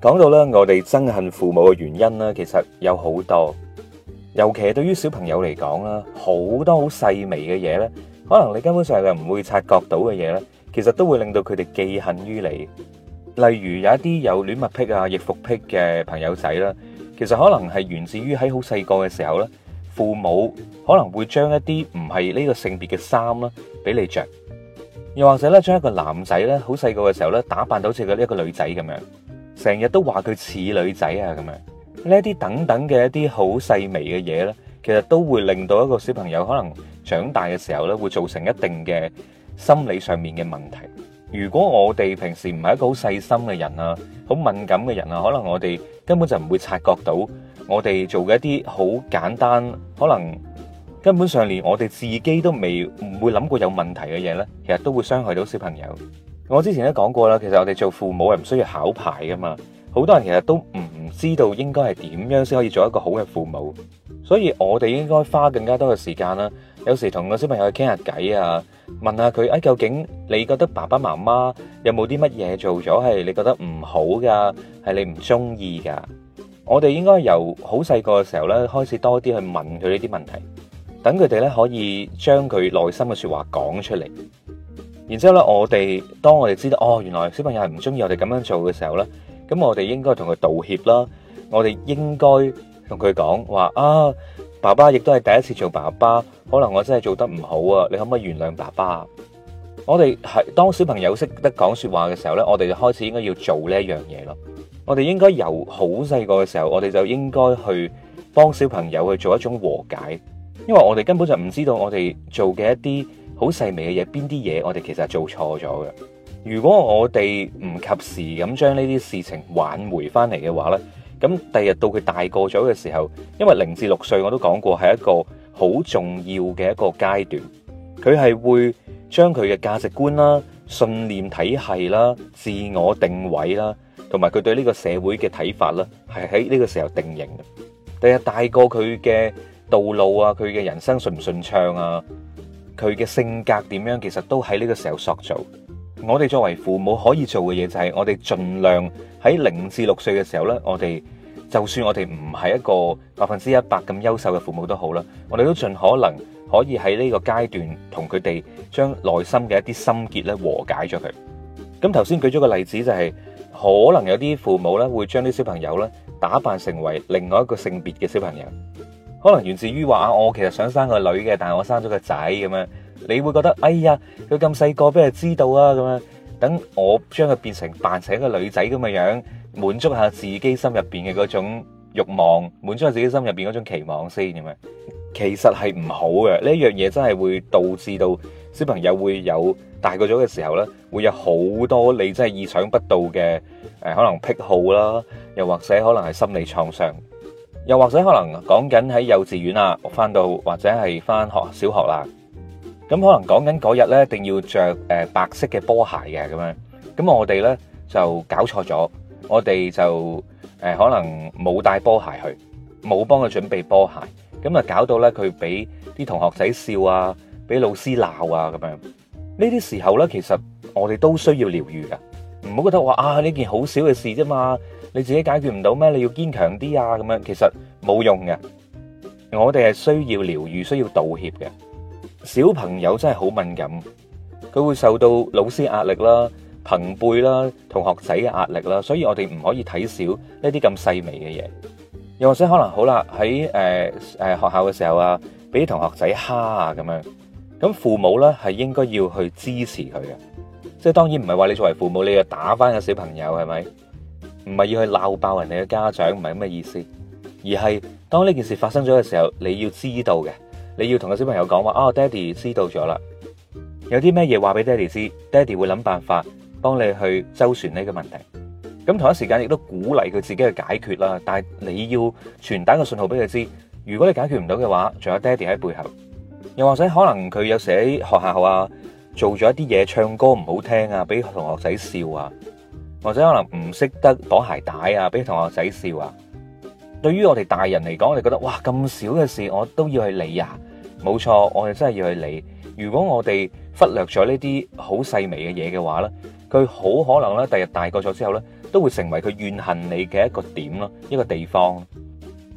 講到咧，我哋憎恨父母嘅原因咧，其實有好多，尤其係對於小朋友嚟講啦，好多好細微嘅嘢咧，可能你根本上就唔會察覺到嘅嘢咧，其實都會令到佢哋記恨於你。例如有一啲有戀物癖啊、易服癖嘅朋友仔啦，其實可能係源自於喺好細個嘅時候咧，父母可能會將一啲唔係呢個性別嘅衫啦，俾你着。又或者咧，將一個男仔咧，好細個嘅時候咧，打扮到好似個一個女仔咁樣，成日都話佢似女仔啊咁樣，呢一啲等等嘅一啲好細微嘅嘢咧，其實都會令到一個小朋友可能長大嘅時候咧，會造成一定嘅心理上面嘅問題。如果我哋平時唔係一個好細心嘅人啊，好敏感嘅人啊，可能我哋根本就唔會察覺到我哋做嘅一啲好簡單可能。根本上，連我哋自己都未唔會諗過有問題嘅嘢呢，其實都會傷害到小朋友。我之前都講過啦，其實我哋做父母係唔需要考牌噶嘛。好多人其實都唔知道應該係點樣先可以做一個好嘅父母，所以我哋應該花更加多嘅時間啦。有時同個小朋友去傾下偈啊，問下佢啊，究竟你覺得爸爸媽媽有冇啲乜嘢做咗係你覺得唔好噶，係你唔中意噶？我哋應該由好細個嘅時候呢開始，多啲去問佢呢啲問題。等佢哋咧可以將佢內心嘅説話講出嚟，然之後咧，我哋當我哋知道哦，原來小朋友係唔中意我哋咁樣做嘅時候咧，咁我哋應該同佢道歉啦，我哋應該同佢講話啊，爸爸亦都係第一次做爸爸，可能我真係做得唔好啊，你可唔可以原諒爸爸？我哋係當小朋友識得講説話嘅時候咧，我哋就開始應該要做呢一樣嘢咯。我哋應該由好細個嘅時候，我哋就應該去幫小朋友去做一種和解。因為我哋根本就唔知道，我哋做嘅一啲好細微嘅嘢，邊啲嘢我哋其實係做錯咗嘅。如果我哋唔及時咁將呢啲事情挽回翻嚟嘅話呢，咁第日到佢大個咗嘅時候，因為零至六歲我都講過係一個好重要嘅一個階段，佢係會將佢嘅價值觀啦、信念體系啦、自我定位啦，同埋佢對呢個社會嘅睇法啦，係喺呢個時候定型嘅。第日大個佢嘅。道路啊，佢嘅人生順唔順暢啊？佢嘅性格點樣？其實都喺呢個時候塑造。我哋作為父母可以做嘅嘢就係，我哋盡量喺零至六歲嘅時候咧，我哋就算我哋唔係一個百分之一百咁優秀嘅父母都好啦，我哋都盡可能可以喺呢個階段同佢哋將內心嘅一啲心結咧和解咗佢。咁頭先舉咗個例子就係，可能有啲父母咧會將啲小朋友咧打扮成為另外一個性別嘅小朋友。可能源自於話啊，我其實想生個女嘅，但係我生咗個仔咁樣，你會覺得哎呀，佢咁細個，俾人知道啊咁樣，等我將佢變成扮成一個女仔咁嘅樣，滿足下自己心入邊嘅嗰種慾望，滿足下自己心入邊嗰種期望先咁樣。其實係唔好嘅，呢一樣嘢真係會導致到小朋友會有大個咗嘅時候呢，會有好多你真係意想不到嘅誒、呃，可能癖好啦，又或者可能係心理創傷。又或者可能講緊喺幼稚園啊，翻到或者係翻學小學啦，咁可能講緊嗰日咧，一定要着誒白色嘅波鞋嘅咁樣，咁我哋咧就搞錯咗，我哋就誒可能冇帶波鞋去，冇幫佢準備波鞋，咁啊搞到咧佢俾啲同學仔笑啊，俾老師鬧啊咁樣，呢啲時候咧其實我哋都需要療愈噶，唔好覺得話啊呢件好少嘅事啫嘛。你自己解決唔到咩？你要堅強啲啊！咁樣其實冇用嘅。我哋係需要療愈，需要道歉嘅。小朋友真係好敏感，佢會受到老師壓力啦、朋輩啦、同學仔嘅壓力啦，所以我哋唔可以睇少呢啲咁細微嘅嘢。又或者可能好啦，喺、呃、學校嘅時候啊，俾同學仔蝦啊咁樣。咁父母咧係應該要去支持佢嘅。即係當然唔係話你作為父母你要打返個小朋友係咪？是唔係要去鬧爆人哋嘅家長，唔係咁嘅意思，而係當呢件事發生咗嘅時候，你要知道嘅，你要同個小朋友講話，哦，爹地知道咗啦，有啲咩嘢話俾爹地知，爹地會諗辦法幫你去周旋呢個問題。咁同一時間亦都鼓勵佢自己去解決啦。但係你要傳達個信號俾佢知道，如果你解決唔到嘅話，仲有爹地喺背後。又或者可能佢有時喺學校啊，做咗一啲嘢，唱歌唔好聽啊，俾同學仔笑啊。或者可能唔識得綁鞋帶啊，俾同學仔笑啊。對於我哋大人嚟講，我哋覺得哇咁少嘅事，我都要去理啊。冇錯，我哋真係要去理。如果我哋忽略咗呢啲好細微嘅嘢嘅話呢，佢好可能呢，第日大個咗之後呢，都會成為佢怨恨你嘅一個點咯，一個地方。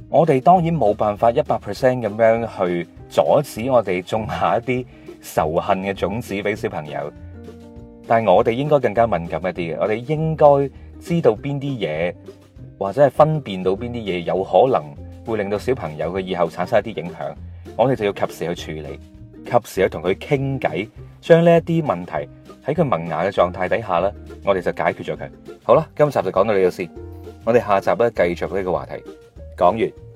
我哋當然冇辦法一百 percent 咁樣去阻止我哋種下一啲仇恨嘅種子俾小朋友。但係我哋應該更加敏感一啲嘅，我哋應該知道邊啲嘢，或者係分辨到邊啲嘢有可能會令到小朋友嘅以後產生一啲影響，我哋就要及時去處理，及時去同佢傾偈，將呢一啲問題喺佢萌芽嘅狀態底下呢，我哋就解決咗佢。好啦，今集就講到呢度先，我哋下集咧繼續呢個話題，講完。